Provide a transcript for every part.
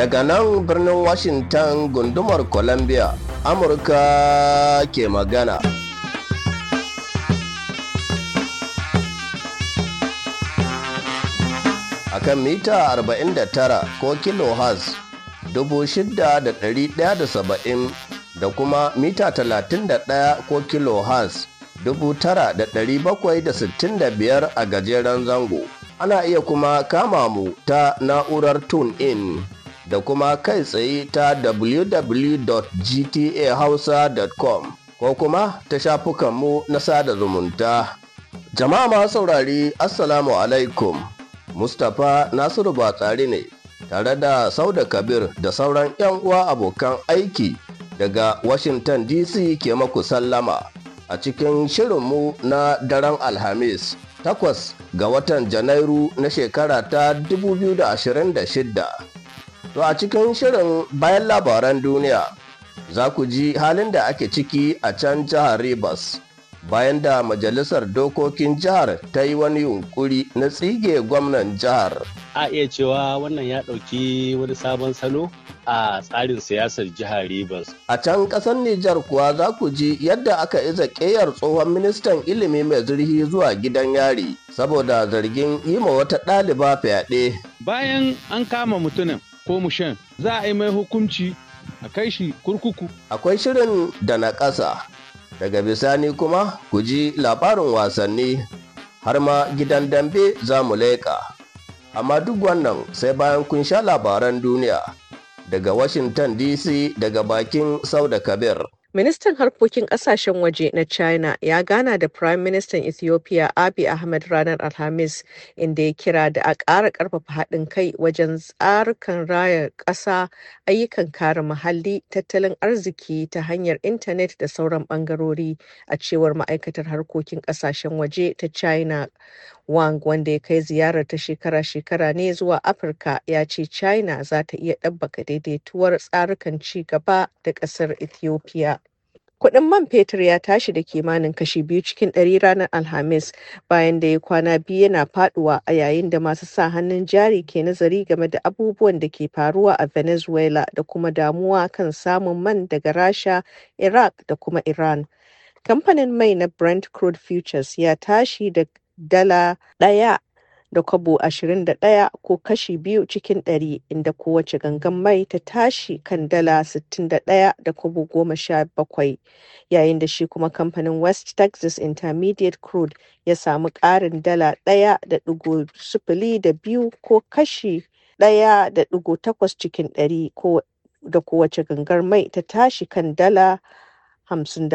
daga nan birnin washington gundumar columbia amurka ke magana akan mita 49 ko kilohertz 6,170 da kuma mita 31 ko kilohertz 9,765 a gajeren zango ana iya kuma kama mu ta na'urar tune in da kuma kai tsaye ta www.gtahausa.com ko kuma ta shafukanmu na sada zumunta. Jama'a ma saurari Assalamu alaikum, Mustapha Nasiru Batsari ne tare da Sauda Kabir da sauran 'yan uwa abokan aiki daga Washington DC ke maku sallama a cikin shirinmu na daren Alhamis. takwas ga watan janairu na shekara ta 2026 To a cikin shirin bayan labaran duniya za ku ji halin da ake ciki a can jihar Rivers bayan da majalisar dokokin jihar ta yi wani yunkuri na tsige gwamnan jihar. A iya cewa wannan ya ɗauki wani sabon salo a tsarin siyasar jihar Rivers. A can ƙasar Nijar kuwa za ku ji yadda aka iza ƙeyar tsohon ministan ilimi mai zurhi zuwa gidan yari saboda zargin yi ma wata ɗaliba fyaɗe. Bayan an kama mutumin ko mushen za a yi mai hukunci a kai shi kurkuku. Akwai shirin da na ƙasa daga bisani kuma ku ji labarin wasanni har ma gidan dambe za mu leƙa. Amma duk wannan sai bayan kun sha labaran duniya daga Washington DC daga bakin Sauda Kabir. Ministan harkokin ƙasashen waje na China ya gana da Prime Ministan Ethiopia Abiy Ahmed ranar Alhamis inda ya kira da a ƙara ƙarfafa haɗin kai wajen tsarukan raya ƙasa, ayyukan kare muhalli, tattalin arziki ta hanyar intanet da sauran ɓangarori a cewar ma'aikatar harkokin ƙasashen waje ta China. Wang wanda ya kai ziyarar ta shekara-shekara ne zuwa Afirka ya ce China za ta iya ɗabbaka daidaituwar tsarukan ci gaba da ƙasar Ethiopia. Kuɗin man fetur ya tashi da kimanin kashi biyu cikin ɗari ranar Alhamis bayan da ya kwana biyu yana faduwa a yayin da masu sa hannun jari ke nazari game da abubuwan da ke faruwa a Venezuela da kuma damuwa kan samun man daga Rasha, Iraq da kuma Iran. Kamfanin mai na Brent Crude Futures ya tashi da dala ɗaya da kwabo ɗaya ko kashi biyu cikin ɗari inda kowace gangan mai ta tashi kan dala sittin da da kwabo bakwai yayin da shi kuma kamfanin west texas intermediate crude ya samu ƙarin dala ɗaya da ɗigo sifili da biyu ko kashi ɗaya da ɗigo takwas cikin ɗari da kowace gangar mai ta tashi kan dala 57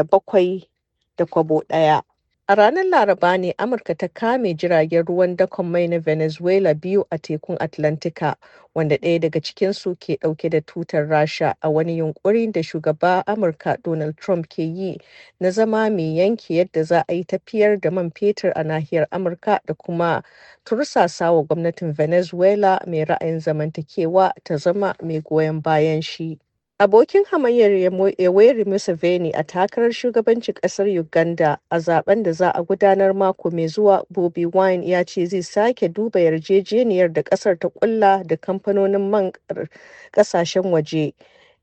da kwabo ɗaya. A ranar Laraba ne Amurka ta kame jiragen ruwan dakon mai na Venezuela biyu a Tekun Atlantika, wanda ɗaya daga cikinsu ke ɗauke da tutar Rasha a wani yunƙuri da shugaba Amurka Donald Trump ke yi na zama mai yanke yadda za a yi tafiyar da man fetur a nahiyar Amurka da kuma tursasa wa gwamnatin Venezuela mai ra'ayin zamantakewa ta zama mai goyon bayan shi. Abokin hamayyar Yoweri Museveni a takarar shugabancin kasar Uganda a zaben da za a gudanar mako mai zuwa Bobi Wine ya ce zai sake duba yarjejeniyar da kasar ta ƙulla da kamfanonin man kasashen waje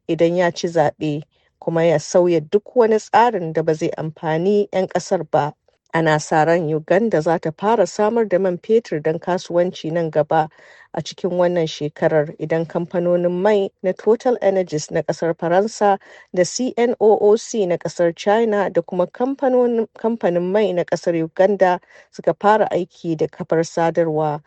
idan ya ci zaɓe, kuma ya sauya duk wani tsarin da ba zai amfani 'yan kasar ba. Ana sa ran Uganda za ta fara samar da man fetur don kasuwanci nan gaba a cikin wannan shekarar idan kamfanonin mai na Total energies na ƙasar Faransa da CNOOC na ƙasar China da kuma kamfanin mai na ƙasar Uganda suka fara aiki da kafar sadarwa.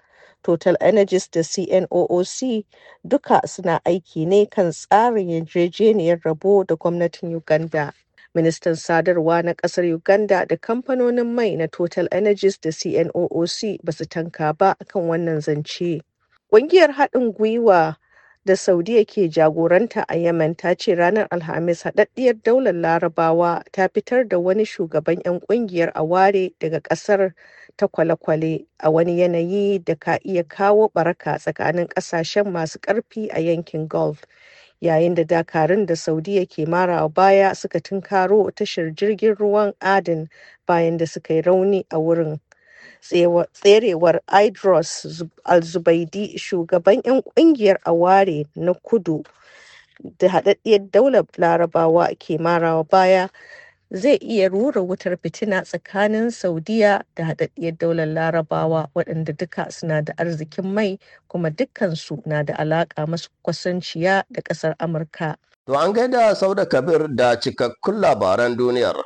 Total energies da CNOOC duka suna aiki ne kan tsarin yarjejeniyar rabo da gwamnatin Uganda. ministan sadarwa na ƙasar uganda da kamfanonin mai na total energies da cnooc ba su tanka ba kan wannan zance ƙungiyar haɗin gwiwa da saudiya ke jagoranta a yemen ta ce ranar alhamis haɗaɗɗiyar daular larabawa ta fitar da wani shugaban 'yan ƙungiyar a ware daga ƙasar ta kwale-kwale a wani yanayi da ka iya kawo baraka tsakanin ƙasashen masu ƙarfi a yankin gulf yayin da dakarun da Saudiya ke marawa baya suka tunkaro tashar jirgin ruwan adin bayan da suka yi rauni a wurin. Tserewar idros alzubaidi shugaban 'yan kungiyar Aware na Kudu da Haɗaɗɗiyar Daular Larabawa ke marawa baya, zai iya rura wutar fitina tsakanin Saudiya da Haɗaɗɗiyar Daular Larabawa waɗanda duka suna da arzikin mai kuma dukkansu na da alaƙa masu kwasanciya da ƙasar Amurka. To an gaida Sauda Kabir da cikakkun labaran duniyar.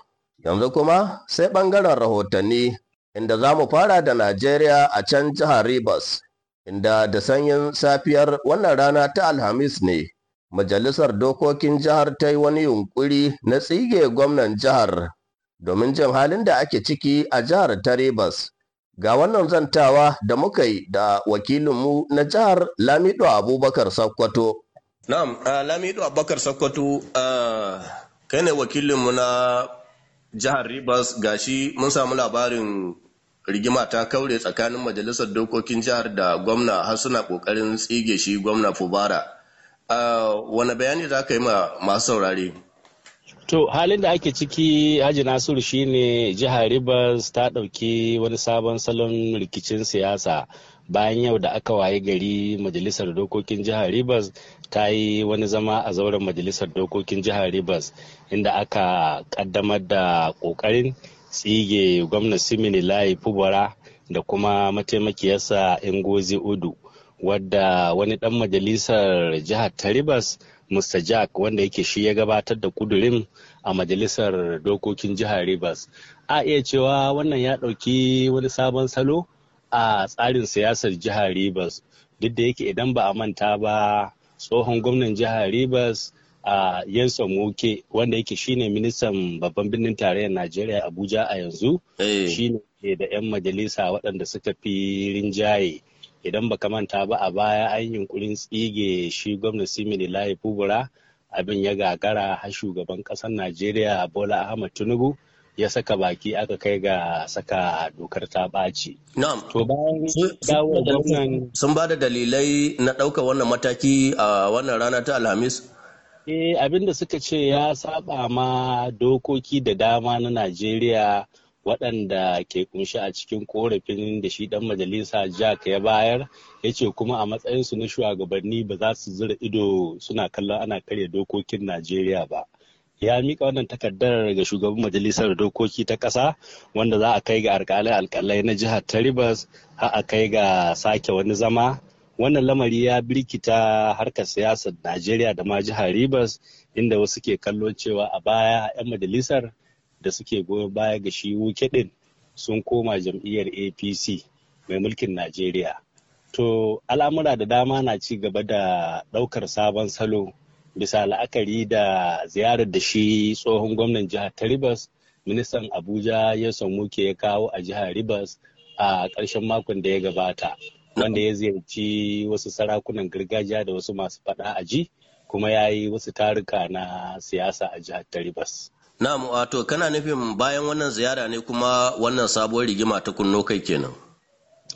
Yanzu kuma sai ɓangaren rahotanni inda za mu fara da Najeriya a can jihar Ribas, inda da sanyin safiyar wannan rana ta Alhamis ne. majalisar dokokin jihar ta yi wani yunkuri na tsige gwamnan jihar domin jin halin da ake ciki a jihar ta Rebus. Ga wannan zantawa da muka yi da wakilinmu na jihar Lamido Abubakar Sokoto. Na'am, Lamido Abubakar Sokoto kai ne wakilinmu na jihar ga gashi mun samu labarin rigima ta kaure tsakanin majalisar dokokin jihar da gwamna har suna kokarin tsige shi gwamna Fubara. Uh, wani bayani za ka yi ma masu saurari. To halin da ake ciki Haji Nasiru shine jihar Rivers ta ɗauki wani sabon salon rikicin siyasa bayan yau da aka waye gari majalisar dokokin jihar Rivers ta yi wani zama a zauren majalisar dokokin jihar Rivers inda aka kaddamar da ƙoƙarin tsige gwamna Simini Layi Fubara da kuma mataimakiyarsa Ingozi Udu. wadda wani dan majalisar jihar taribas mr jack wanda yake shi ya gabatar da kudurin a majalisar dokokin jihar rivers a iya cewa wannan ya dauki wani sabon salo a tsarin siyasar jihar rivers duk da yake idan ba a manta ba tsohon gwamnan jihar rivers a yanson woke wanda yake shine ministan babban birnin tarayyar najeriya abuja a yanzu eh. shine da 'yan majalisa waɗanda suka fi rinjaye idan baka manta ba a baya an yunkurin tsige shi gwamna simini layi fubura abin ya gagara har shugaban ƙasar najeriya bola ahmad tinubu ya saka baki aka kai ga saka dokar ta ɓaci. To bayan sun ba da dalilai na ɗaukar wannan mataki a wannan rana ta Alhamis? Eh abin da suka ce ya saba ma dokoki da dama na Najeriya waɗanda ke kunshi a cikin korafin da shi ɗan majalisa jack ya bayar ya ce kuma a matsayinsu na shugabanni ba za su zura ido suna kallon ana karya dokokin najeriya ba ya mika wannan takardar ga shugaban majalisar dokoki ta ƙasa wanda za a kai ga alkalai alkalai na jihar ta rivers a kai ga sake wani zama wannan lamari ya birkita harkar siyasar najeriya da ma jihar rivers inda wasu ke kallon cewa a baya 'yan majalisar da suke goyon baya ga shi wuke din sun koma jam'iyyar apc mai mulkin najeriya to al'amura da dama na ci gaba da ɗaukar sabon salo bisa la'akari da ziyarar da shi tsohon gwamnan jihar ta ribas ministan abuja ya samu ke ya kawo a jihar ribas a ƙarshen makon da ya gabata wanda ya ziyarci wasu sarakunan gargajiya da wasu masu faɗa a ji kuma ya yi wasu taruka na siyasa a jihar ta ribas Na'am wato kana nufin bayan wannan ziyara ne kuma wannan sabuwar rigima ta kunno kai kenan.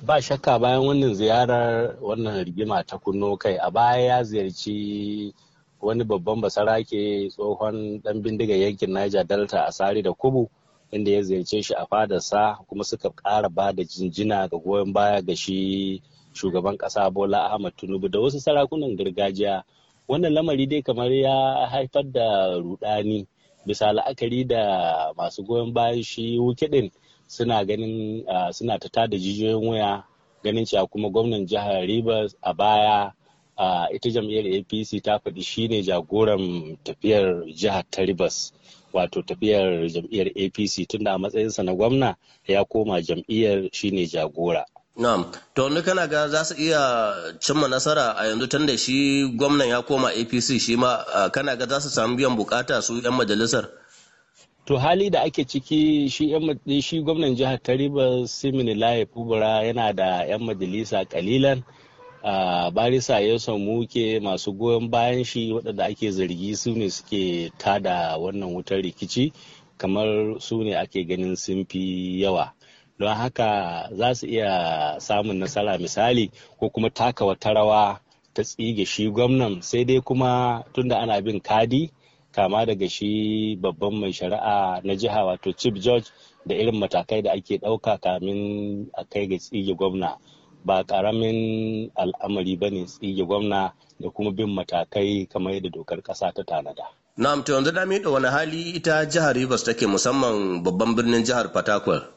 Ba shakka bayan wannan ziyarar wannan rigima ta kunno kai a baya ya ziyarci wani babban basarake tsohon dan bindiga yankin Niger Delta a sari da Kubu inda ya ziyarce shi a fadarsa kuma suka ƙara ba da jinjina ga goyon baya ga shi shugaban ƙasa Bola Ahmad Tinubu da wasu sarakunan gargajiya. Wannan lamari dai kamar ya haifar da rudani. bisa la'akari da masu goyon bayan shi wikidin suna ganin suna ta tada jijiyoyin waya ganin cewa kuma gwamnan jihar Rivers a baya ita jam'iyyar APC ta faɗi shine jagoran tafiyar jihar ta Rivers wato tafiyar jam'iyyar APC tunda a matsayinsa na gwamna ya koma jam'iyyar shine jagora Na'am, to wani kana ga za su iya cimma nasara a yanzu tun da shi gwamnan ya koma APC shi ma kana ga za su samu biyan bukata su 'yan majalisar? To hali da ake ciki shi gwamnan jihar Taribas Simini Laye fubura yana da 'yan majalisa kalilan barisa ya samu ke masu goyon bayan shi waɗanda ake zargi su ne suke tada wannan wutar rikici kamar su ne ake ganin sun fi yawa. don haka za su iya samun nasara misali ko kuma taka wata rawa ta tsige shi gwamnan sai dai kuma tunda ana bin kadi kama daga shi babban mai shari'a na jiha wato chief judge da irin matakai da ake ɗauka kamin a kai ga tsige gwamna ba ƙaramin al'amari ba ne tsige gwamna da kuma bin matakai kamar yadda dokar ƙasa ta tanada. Na'am to yanzu da wani hali ita jihar Rivers take musamman babban birnin jihar Fatakwal.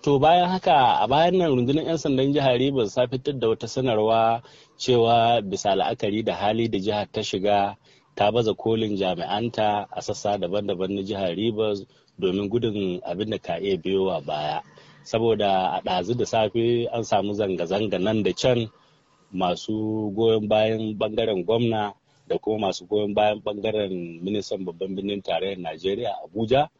to bayan haka a bayan nan rundunar 'yan sandan jihar Rivers ta fitar da wata sanarwa cewa bisa la'akari da hali da jihar ta shiga ta baza kolin jami'anta a sassa daban-daban na jihar Rivers domin gudun abin da ka iya biyo biyowa baya saboda a ɗazu da safe an samu zanga-zanga nan da can masu goyon bayan bangaren gwamna da kuma masu goyon bayan bangaren ministan babban birnin tarayyar najeriya abuja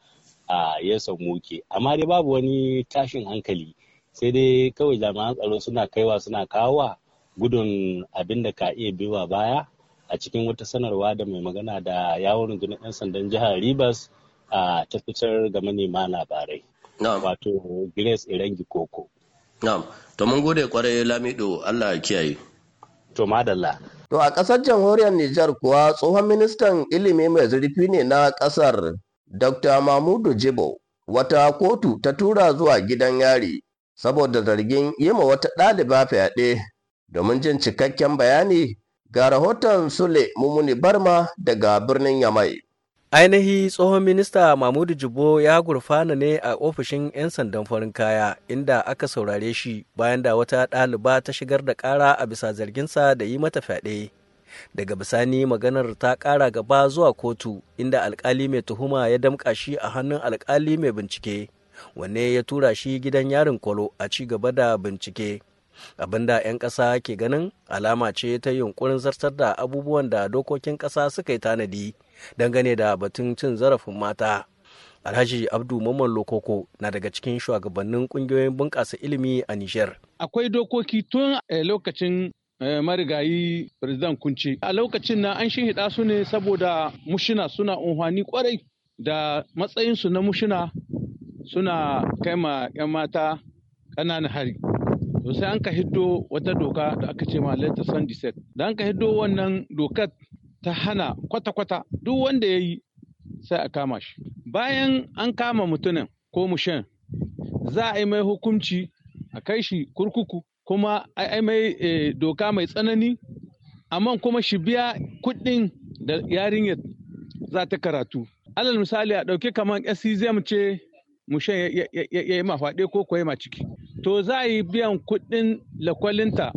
a ya samu amma dai babu wani tashin hankali sai dai kawai jami'an tsaro suna kaiwa suna kawowa gudun abin da ka iya biwa baya a cikin wata sanarwa da mai magana da yawon rundunar 'yan sandan jihar rivers a ta ga manema labarai wato grace irangi koko na'am to mun gode kwarai lamido allah kiyaye to madalla to a kasar jamhuriyar nijar kuwa tsohon ministan ilimi mai zurfi ne na kasar Dr. Mahmudu Jibo wata kotu ta tura zuwa gidan yari saboda zargin yi ma wata ɗaliba fyaɗe domin jin cikakken bayani ga rahoton Sule Mumuni Barma daga birnin Yamai. Ainihi tsohon minista Mahmudu Jibo ya gurfana ne a ofishin 'yan sandan farin kaya inda aka saurare shi bayan da wata ɗaliba ta shigar da ƙara a bisa zarginsa da yi mata fyaɗe. daga bisani maganar ta ƙara gaba zuwa kotu inda alkali mai tuhuma ya damka shi a hannun alkali mai bincike wanne ya tura shi gidan yarin kwalo a ci gaba da bincike abinda 'yan ƙasa ke ganin alama ce ta yunkurin zartar da abubuwan da dokokin ƙasa suka yi tanadi dangane da batun cin zarafin mata alhaji abdu mamman lokoko na daga cikin shugabannin ƙungiyoyin bunƙasa ilimi a nijar akwai dokoki tun eh, lokacin Eh, marigayi president kunci. a lokacin na an shinhiɗa su ne saboda mushina suna unhwani kwarai da matsayinsu na mushina suna kai ma 'yan mata ƙananan hari to sai an ka hiddo wata doka da aka ce ma letter set? da an ka hiddo wannan dokar ta hana kwata-kwata duk wanda ya yi sai a kama shi bayan an kama mutumin ko mushin, za a yi mai hukunci a kai shi kurkuku kuma ai mai eh, doka mai tsanani amma kuma shi biya kuɗin da yarinyar za ta karatu alal misali a ɗauki kamar mu ce mushen ya yi mafaɗe ko kuwa ma ciki to za a yi biyan kuɗin lakwalinta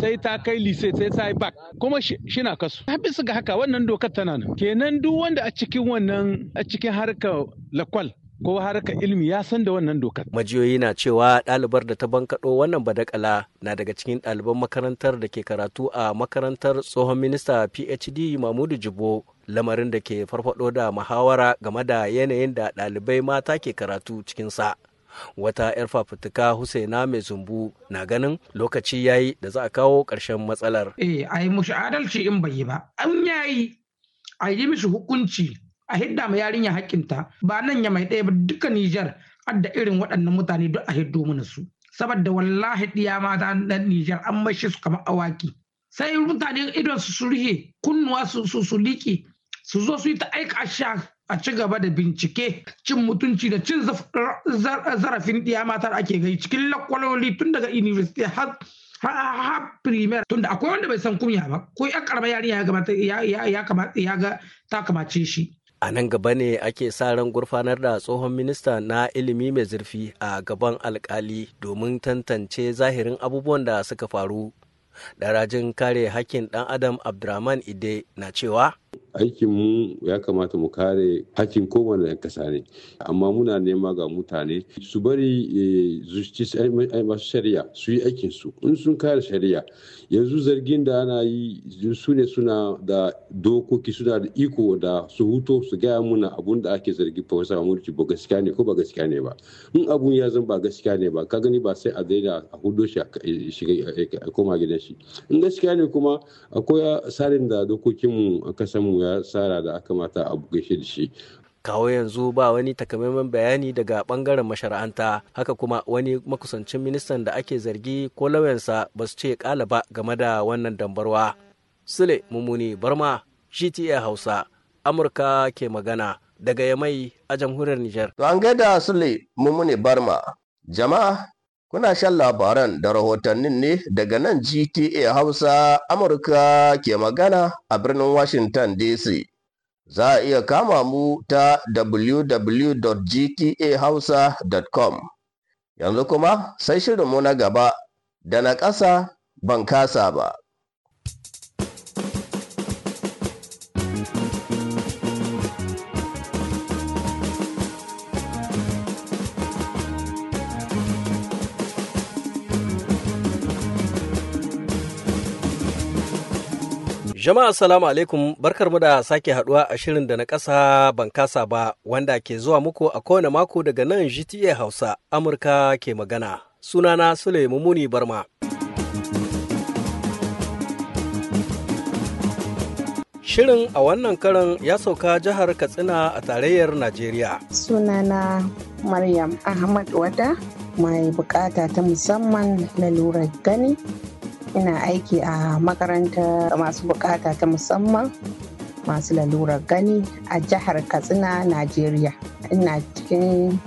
sai ta kai lise sai ta yi bak kuma shi na kasu ta bisa ga haka wannan dokar tana nan kenan duk wanda a cikin wannan a cikin harkar lakwal ko harkar ilimi ya san da wannan dokar. Majiyoyi na cewa ɗalibar da ta bankaɗo wannan badakala na daga cikin ɗaliban makarantar da ke karatu a makarantar tsohon minista PhD Mamudu Jibo lamarin da ke farfaɗo da muhawara game da yanayin da ɗalibai mata ke karatu cikinsa. Wata 'yar fafutuka Husaina mai zumbu na ganin lokaci yayi da za a kawo ƙarshen matsalar. Eh, a yi mushi adalci in bai yi ba, an yayi a yi mishi hukunci a hidda ma yarinya hakinta ba nan ya mai ɗaya ba duka Nijar adda irin waɗannan mutane duk a hiddo mana su saboda wallahi ɗiya mata na Nijar an mashi su kamar awaki sai mutane idon su surhe kunnuwa su su su liƙe su zo su yi ta aika sha a ci gaba da bincike cin mutunci da cin zarafin ɗiya mata ake gani, cikin lakwaloli tun daga university har ha primer tunda akwai wanda bai san kunya ba ko ya karba yarinya ya kamata ya ga ta kamace shi A nan gaba ne ake sa ran gurfanar da tsohon minista na ilimi mai zurfi a gaban alkali domin tantance zahirin abubuwan da suka faru. Darajin kare hakkin ɗan Adam Abdurrahman Ide na cewa aikinmu ya kamata mu kare hakin kowane yan kasa ne amma muna nema ga mutane su bari eh, masu shari'a su yi aikin su in sun kare shari'a yanzu zargin da ana yi su ne suna da dokoki suna da iko da su huto su gaya muna abun da ake zargi profesa mulki ba gaskiya ne ko ba gaskiya ne ba in abun ya zan ba gaskiya ne ba ka gani ba sai a daina a hudo shi a eh, eh, koma gidan shi in gaskiya ne kuma akwai tsarin da dokokinmu a kasa. samu ya sara da aka mata a gaishe da shi kawo yanzu ba wani takamaiman bayani daga bangaren mashara'anta haka kuma wani makusancin ministan da ake zargi ko lauyansa ba su ce kala ba game da wannan dambarwa sule mummuni barma gta hausa amurka ke magana daga yamai a jamhuriyar Nijar. to an gaida sule mummuni barma jama'a Kuna shan labaran da rahotannin ne daga nan GTA Hausa Amurka ke magana a birnin Washington DC. Za a iya kama mu ta www.gtahausa.com. Yanzu kuma sai shirinmu na gaba da na ƙasa ban kasa ba. Jama'a salamu alaikum mu da sake haduwa a shirin da na kasa ban kasa ba wanda ke zuwa muku a kowane mako daga nan GTA Hausa Amurka ke magana. Sunana Sule Mumuni Barma. Shirin a wannan karan ya sauka jihar Katsina a tarayyar Najeriya. Sunana Maryam Ahmad Wada mai bukata ta musamman na lura gani Ina aiki a makaranta masu bukata ta musamman masu lalurar gani a jihar Katsina, Najeriya. Ina cikin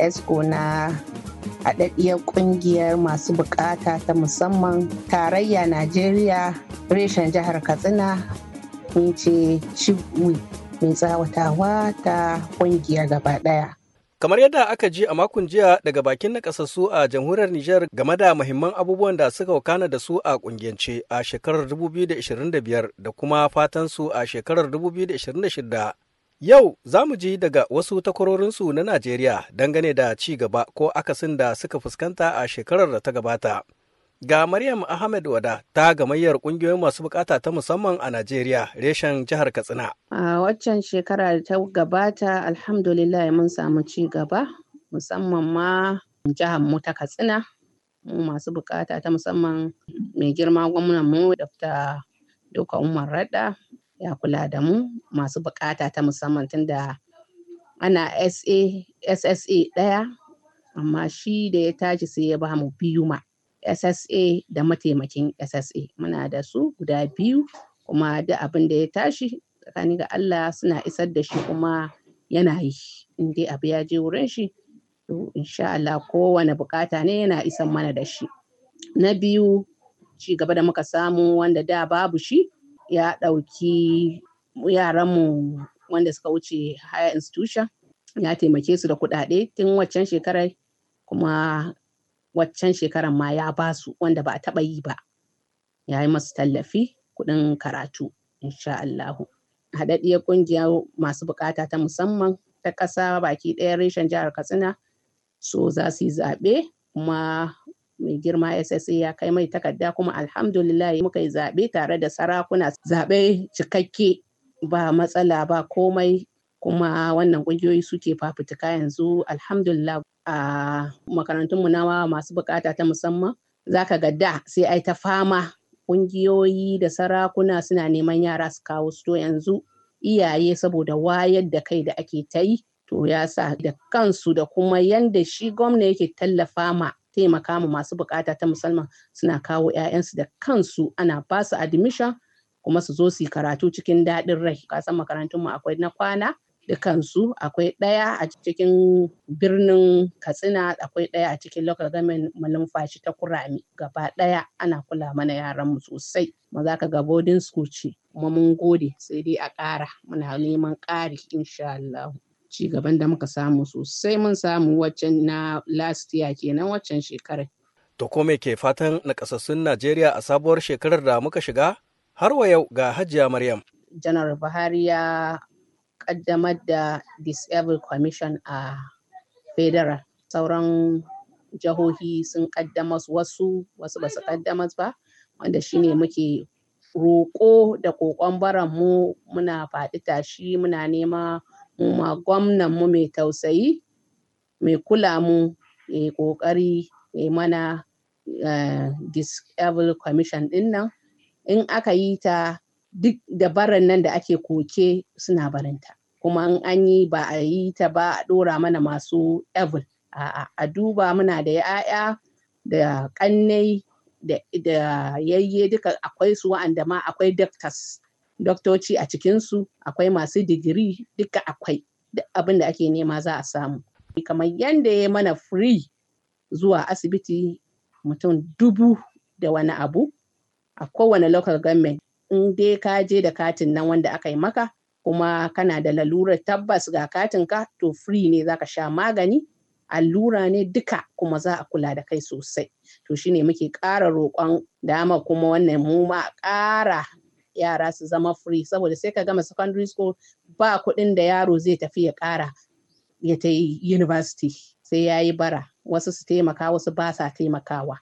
ESCO na haɗaɗɗiyar ƙungiyar masu bukata ta musamman tarayya Najeriya reshen jihar Katsina ni ce mai tsawatawa ta ƙungiyar gaba ɗaya. Kamar yadda aka ji a makon jiya daga bakin nakasassu a jamhuriyar Nijar game da muhimman abubuwan da suka wakana da su a kungiyance a shekarar 2025 da kuma fatan su a shekarar 2026. Yau za mu ji daga wasu takwarorinsu na Najeriya dangane da ci gaba ko akasin da suka fuskanta a shekarar da ta gabata. Ga Maryam Ahmed Wada ta gamayyar kungiyoyin masu bukata ta musamman a Najeriya reshen jihar Katsina. A waccan shekara da ta gabata alhamdulillah mun samu ci gaba musamman ma jihar mu ta Katsina mu masu bukata ta musamman mai girma gwamnan mu ta Doka Umar Rada ya kula da mu masu bukata ta musamman tunda ana SA SSA daya, amma shi da ya tashi sai ya ba mu biyu ma. SSA da mataimakin SSA muna da su guda biyu kuma da abin da ya tashi tsakani ga Allah suna isar da shi kuma yana yi in abu ya je wurin shi to insha Allah kowane bukata ne yana isan mana da shi na biyu ci gaba da muka samu wanda da babu shi ya ɗauki yaranmu wanda suka wuce higher institution ya taimake su da kuɗaɗe tun waccan shekarar kuma waccan shekaran ma ya ba su wanda ba a taɓa yi ba ya yi masu tallafi kuɗin karatu insha Allah Haɗaɗɗiyar ƙungiyar masu bukata ta musamman ta ƙasa baki ɗaya reshen jihar Katsina so za su yi zaɓe kuma mai girma SSA ya kai mai takarda kuma alhamdulillah muka yi zaɓe tare da sarakuna zaɓe cikakke ba matsala ba komai kuma wannan ƙungiyoyi suke fafutuka yanzu alhamdulillah a makarantunmu na masu bukata ta musamman za ka ga da sai ai ta fama ƙungiyoyi da sarakuna suna neman yara su kawo su to yanzu iyaye saboda wayar da kai da ake ta yi to ya sa da kansu da kuma yanda shi gwamna yake tallafa ma taimaka ma masu bukata ta musamman suna kawo 'ya'yansu da kansu ana ba su admission kuma su zo su yi karatu cikin daɗin rai kasan makarantunmu akwai na kwana dukansu akwai ɗaya a cikin birnin katsina akwai ɗaya a cikin local government malumfashi ta kurami gaba ɗaya ana kula mana yaran mu sosai ma za ka ga boarding school ce kuma mun gode sai dai a ƙara muna neman ƙari insha Allah ci gaban da muka samu sosai mun samu waccan na last year kenan waccan shekarar to ko me ke fatan nakasassun Najeriya a sabuwar shekarar da muka shiga har wa yau ga Hajiya Maryam Janar Buhari ya kaddamar da disabled commission a federal sauran jihohi sun kaddamar wasu wasu ba su kaddamar ba wanda shine muke roƙo da ƙoƙon mu muna faɗi tashi muna nema mu ma gwamnan mu mai tausayi mai kula mu ya ƙoƙari ya mana eh, disabled commission ɗin nan in aka yi ta duk dabaran nan da ake koke suna barinta kuma in an yi ba a yi ta ba a ɗora mana masu evil a duba muna da ya'ya da kannai da yayye duka akwai su wa'anda ma akwai doctors doktoci a cikinsu akwai masu digiri duka akwai duk abin da ake nema za a samu kamar yadda ya mana free zuwa asibiti mutum dubu da wani abu a kowane local government in dai ka je da katin nan wanda aka yi maka kuma kana da lalurar tabbas ga katinka to firi ne zaka sha magani allura ne duka kuma za a kula da kai sosai to shine muke ƙara roƙon dama kuma wannan mu ma ƙara yara su zama firi. saboda sai ka gama secondary school ba kuɗin da yaro zai tafi ya ƙara ya ta yi university sai ya yi bara wasu su taimaka wasu ba sa taimakawa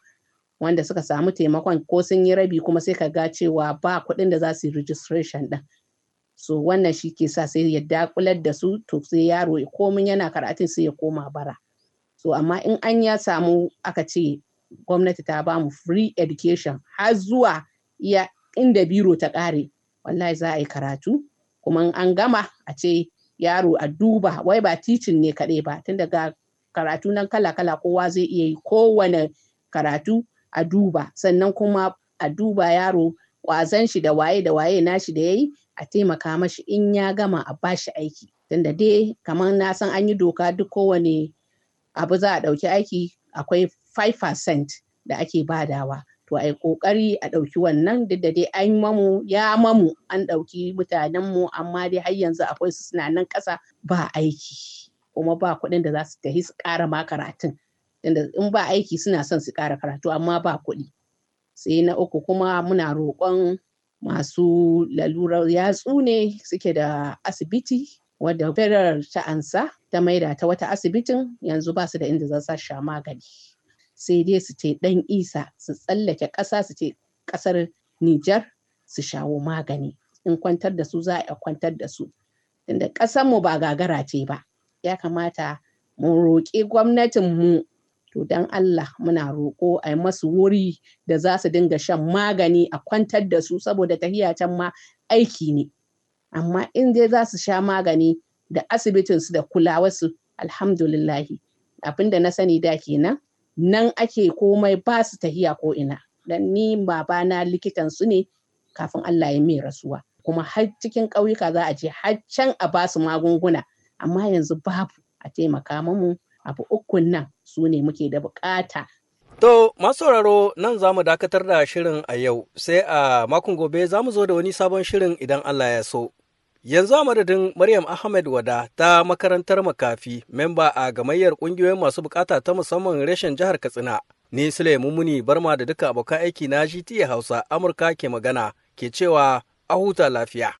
wanda suka samu taimakon ko sun yi rabi kuma sai ka ga cewa ba kuɗin da za su yi registration ɗin so wannan shi ke sa sai ya dakular da su to sai yaro ya komin yana karatun sai ya koma bara so amma in an ya samu aka ce gwamnati ta bamu free education har zuwa iya inda biro ta ƙare wallahi za a yi karatu kuma an gama a ce yaro a duba wai ba teaching ne kaɗai ba tun daga karatu nan kala-kala kowa zai iya yi kowane karatu a duba sannan kuma a duba yaro kwazan shi da waye da waye nashi da yayi a taimaka mashi in ya gama a bashi aiki tunda dai kamar na san an yi doka duk kowane abu za a ɗauki aiki akwai 5% da ake badawa to ai kokari a ɗauki wannan duk da dai an mamu ya mamu an ɗauki mutanenmu amma dai har yanzu akwai su suna nan ƙasa ba aiki kuma ba kuɗin da za su tafi su ƙara ma karatun inda in ba aiki suna son su ƙara karatu amma ba kuɗi sai na uku kuma muna roƙon masu lalurar yatsu ne suke da asibiti wadda federal ta ansa ta maida ta wata asibitin yanzu ba su da inda za su sha magani sai dai su ce ɗan isa su tsallake ƙasa su ce ƙasar Nijar su shawo magani in kwantar da su za a kwantar da su ƙasar ƙasarmu ba gagara ce ba ya kamata mu roƙi gwamnatinmu to dan Allah muna roƙo a yi masu wuri da za su dinga shan magani a kwantar da su saboda tahiya can ma aiki ne amma in dai za su sha magani da asibitinsu da kulawarsu alhamdulillahi abin da na sani da kenan nan ake komai ba su tahiya ko ina dan ni babana likitan su ne kafin Allah ya mai rasuwa kuma har cikin ƙauyuka za a je har can a ba su magunguna amma yanzu babu a taimaka mamu abu ukun nan su ne muke da bukata To, masu sauraro nan za mu dakatar da shirin a yau, sai a makon gobe za mu zo da wani sabon shirin idan Allah ya so. Yanzu a madadin Maryam Ahmed Wada ta makarantar makafi, memba a gamayyar ƙungiyoyin masu bukata ta musamman reshen jihar Katsina. Ni Sule Mumuni Barma da duka abokan aiki na GT Hausa Amurka ke magana, ke cewa a huta lafiya.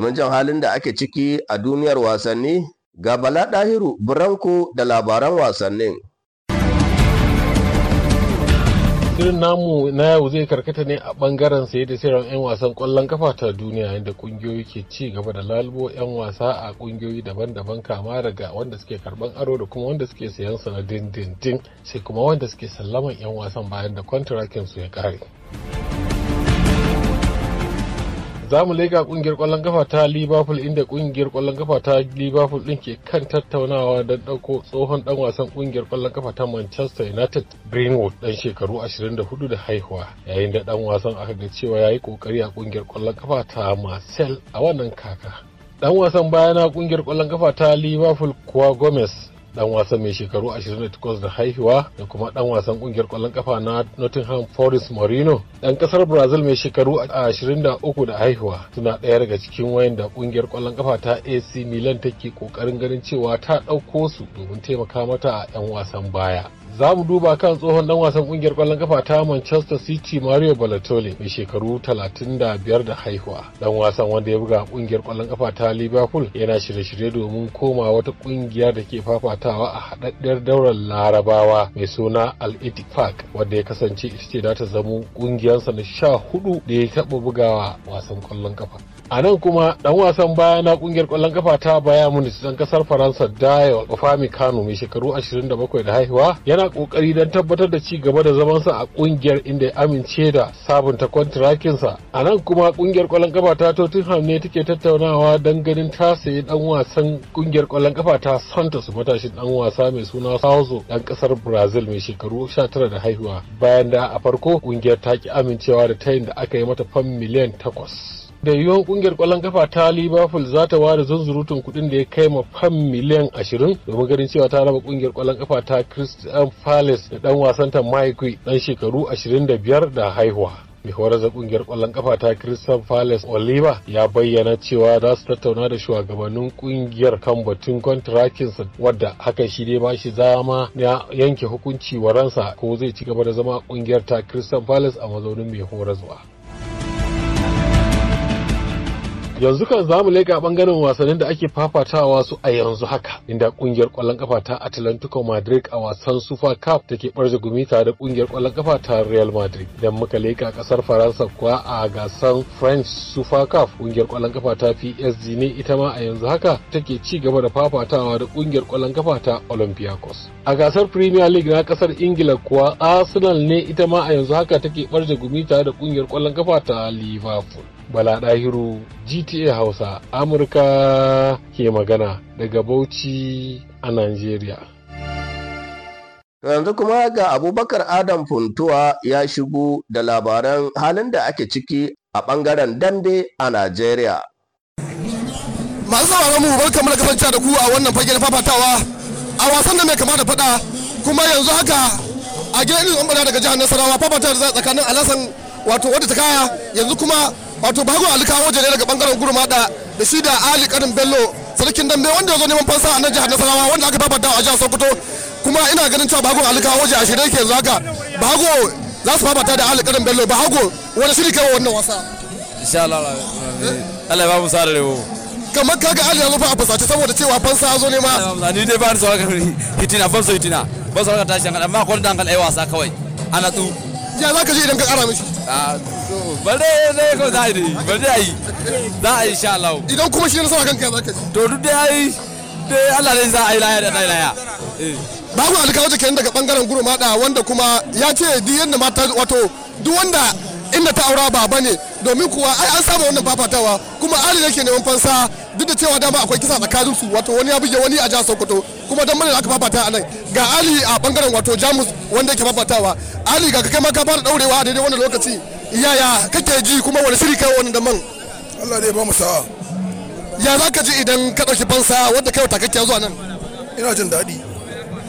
domin jan halin da ake ciki a duniyar wasanni ga Bala Dahiru Branko da labaran wasannin. Shirin namu na yau zai karkata ne a ɓangaren saye da sayarwar 'yan wasan kwallon kafa ta duniya inda kungiyoyi ke ci gaba da lalubo 'yan wasa a ƙungiyoyi daban-daban kama daga wanda suke karban aro da kuma wanda suke sayan sanadin na dindindin sai kuma wanda suke sallaman 'yan wasan bayan da kwantarakin su ya ƙare. za mu leƙa ƙungiyar ƙwallon kafa ta liverpool inda ƙungiyar kwallon kafa ta liverpool ɗin ke kan tattaunawa da ɗauko tsohon ɗan wasan ƙungiyar kwallon kafa ta manchester united greenwood dan shekaru 24 da haihuwa yayin da ɗan wasan aka ga cewa ya yi kokari a kungiyar ƙwallon kafa ta marcel a wannan kaka ɗan wasan bayana ƙungiyar kwallon kafa ta liverpool kuwa gomez dan wasan mai shekaru 28 da haihuwa da kuma dan wasan kungiyar kwallon kafa na Nottingham Forest mourinho dan kasar Brazil mai shekaru 23 da haihuwa suna daya daga cikin wayan da kungiyar kwallon kafa ta AC Milan take kokarin ganin cewa ta dauko su domin taimaka mata a 'yan wasan baya za mu duba kan tsohon dan wasan kungiyar kwallon kafa ta Manchester City Mario Balotelli mai shekaru 35 da haihuwa. Dan wasan wanda ya buga kungiyar kwallon kafa ta Liverpool yana shirye-shirye domin koma wata kungiya da ke fafatawa a haɗaɗɗiyar daular Larabawa mai suna Al Ittifaq wanda ya kasance ita ce za ta zamo kungiyarsa na sha hudu da ya taɓa bugawa wasan kwallon kafa. a nan kuma dan wasan baya na kungiyar kwallon kafa ta baya munich dan kasar faransa daya ofami kano mai shekaru 27 da haihuwa yana kokari dan tabbatar da ci gaba da zaman zamansa a kungiyar inda ya amince da sabunta kwantirakinsa a nan kuma kungiyar kwallon kafa ta tottenham ne take tattaunawa dan ganin ta sayi dan wasan kungiyar kwallon kafa ta santos matashin dan wasa mai suna sauzo dan kasar brazil mai shekaru 19 da haihuwa bayan da a farko kungiyar ta ki amincewa da tayin da aka yi mata fam miliyan 8 da yiwuwar kungiyar kwallon kafa ta liverpool za ta ware zunzurutun kuɗin da ya kai ma fam miliyan ashirin domin ganin cewa ta raba kungiyar kwallon kafa ta christian palace da dan wasanta mike dan shekaru ashirin da biyar da haihuwa mai horar da kungiyar kwallon kafa ta Crystal Palace Oliver ya bayyana cewa za su tattauna da shugabannin kungiyar kan batun kontrakinsa wadda haka shi dai ba shi zama ya yanke hukunci wa ransa ko zai ci gaba da zama kungiyar ta Crystal Palace a mazaunin mai horarwa. yanzu kan za mu leka bangaren wasannin da ake fafatawa su a yanzu haka inda ƙungiyar kwallon kafa ta Atlantico Madrid a wasan Super Cup take barje gumi tare da kungiyar kwallon kafa ta Real Madrid idan muka leka kasar Faransa kuwa a gasan French Super Cup kungiyar kwallon kafa ta PSG ne ita ma a yanzu haka take ci gaba da fafatawa da ƙungiyar kwallon kafa ta Olympiacos a gasar Premier League na ƙasar Ingila kuwa Arsenal ne ita ma a yanzu haka take barje gumi tare da kungiyar kwallon kafa ta Liverpool Bala Ɗahiru GTA Hausa Amurka ke magana daga Bauchi a nigeria Yanzu kuma ga Abubakar Adam Funtuwa ya shigo da labaran halin da ake ciki a ɓangaren dande a Najeriya. Masu sauraron mu barka mu kasance da ku a wannan fage na fafatawa a wasan da mai kama da fada kuma yanzu haka a gidan ɓara daga jihar Nasarawa fafata tsakanin Alasan wato wadda ta kaya yanzu kuma wato bago alikawo jere daga bangaren gurma da da shi da ali karin bello sarkin dambe wanda ya zo neman fansa a nan jihar nasarawa wanda aka da a jihar sokoto kuma ina ganin cewa bago alikawo jere a shirye ke yanzu haka bago za su fafata da ali karin bello bago wani shiri kai wannan wasa insha Allah Allah ya ba mu da rewo kamar kaga ali ya zo fa a fasace saboda cewa fansa ya zo nema ni dai ba ni sauraka hitina fansa hitina ba sauraka tashi hankali amma akwai dan kan ai wasa kawai ana tsu ya za ka je idan ka kara mishi ah, bare zai ko za a yi bare yi za a yi sha Allah idan kuma shi ne nasara kanka za ka je to duk da yayi da Allah ne za a yi laya da dai laya eh. babu alkawo kenan daga bangaren gurmada wanda kuma ya ce duk yanda mata wato duk wanda inda ta aura baba ne domin kuwa ai an saba wannan fafatawa kuma ali yake neman fansa duk da cewa dama akwai kisa tsakanin su wato wani ya buge wani a jihar Sokoto kuma dan mana aka fafata a nan ga Ali a bangaren wato Jamus wanda yake fafatawa Ali ga kai ma ka fara daurewa a daidai wannan lokaci yaya kake ji kuma wani shiri kai wannan man Allah ne ba mu sa'a ya za ka ji idan ka dauki bansa wadda kai wata kake zuwa nan ina jin daɗi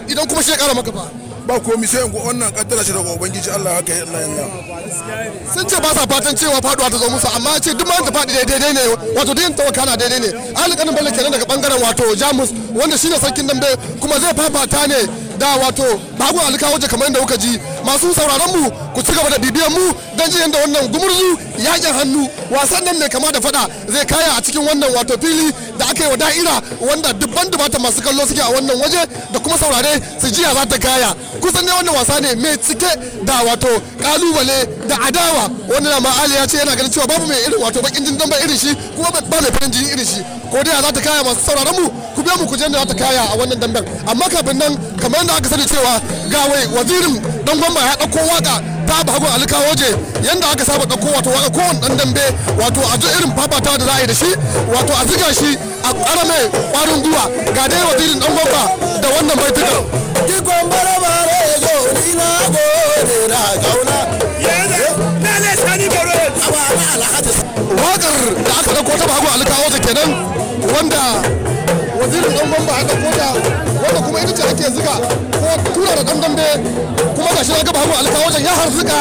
idan kuma shi ya ƙara maka ba ba komi sai in wannan kaddara shi daga ubangiji Allah haka ya Allah yana sun ce ba sa fatan cewa faduwa ta zo musu amma ce duk ma ta fadi daidai ne wato duk ta wakana daidai ne alƙalin balle kenan daga bangaren wato Jamus wanda shine sarkin dambe kuma zai fafata ne da wato alikawa waje kamar yadda kuka ji masu sauraron mu ku ci gaba da bibiyan mu don jin yadda wannan gumurzu yakin hannu wasan nan mai kama da fada zai kaya a cikin wannan wato fili da aka yi wa da'ira wanda dubban dubatan masu kallo suke a wannan waje da kuma saurare su jiya za ta kaya kusan ne wannan wasa ne mai cike da wato kalubale da adawa wannan ma ya ce yana ganin cewa babu mai irin wato bakin jin dan ba irin shi kuma ba mai farin jini irin shi ko da za ta kaya masu sauraron mu ku biya mu ku da za ta kaya a wannan damben amma kafin nan kamar yadda aka sani cewa ga wai wazirin dan gwamba ya dauko waka ta ba hagun alika waje yanda aka saba dauko wato waka kowan dan dambe wato a irin fafata da za a yi da shi wato a ziga shi a ƙara mai ƙwarin ga dai wazirin dan gwamba da wannan baitukan. Ki gwambara ba re na gode na gauna. waƙar da aka ɗauko ta bago alkawo ta kenan wanda wazirin dan gwamba haka ko da wanda kuma ita ce ake zuga ko tura da dan da kuma gashi na gaba hagu alka wajen ya harzuka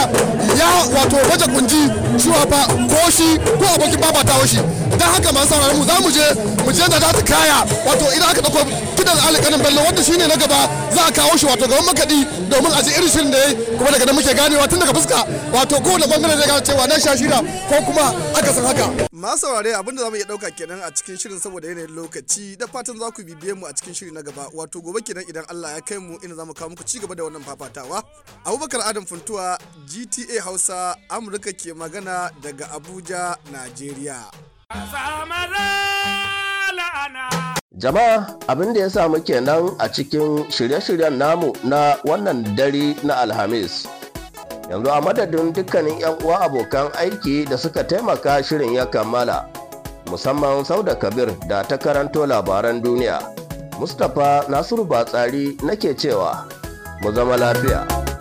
ya wato waje kunji shuwa fa ko shi ko abokin baba ta shi dan haka masu sauraron mu za mu je mu je da za ta kaya wato idan aka dauko kidan alƙalin bello wanda shine na gaba za a kawo shi wato gaban makadi domin a ji irin shirin da yayi kuma daga nan muke ganewa tun daga fuska wato da bangare ya gane cewa nan shashira ko kuma aka san haka masu saurare abinda za mu iya dauka kenan a cikin shirin saboda yanayin lokaci da fatan za ku bibiye mu a cikin shiri na gaba wato gobe kenan idan Allah ya kai mu ina za mu kawo muku ci gaba da wannan fafatawa Abubakar Adam Funtuwa GTA Hausa Amurka ke magana daga Abuja Najeriya Jama'a abin da ya samu kenan a cikin shirye-shiryen namu na wannan dare na Alhamis. Yanzu a madadin dukkanin 'yan uwa abokan aiki da suka taimaka shirin ya kammala. musamman Sauda Kabir da ta karanto labaran duniya. Mustapha Nasiru Batsari nake cewa mu zama lafiya.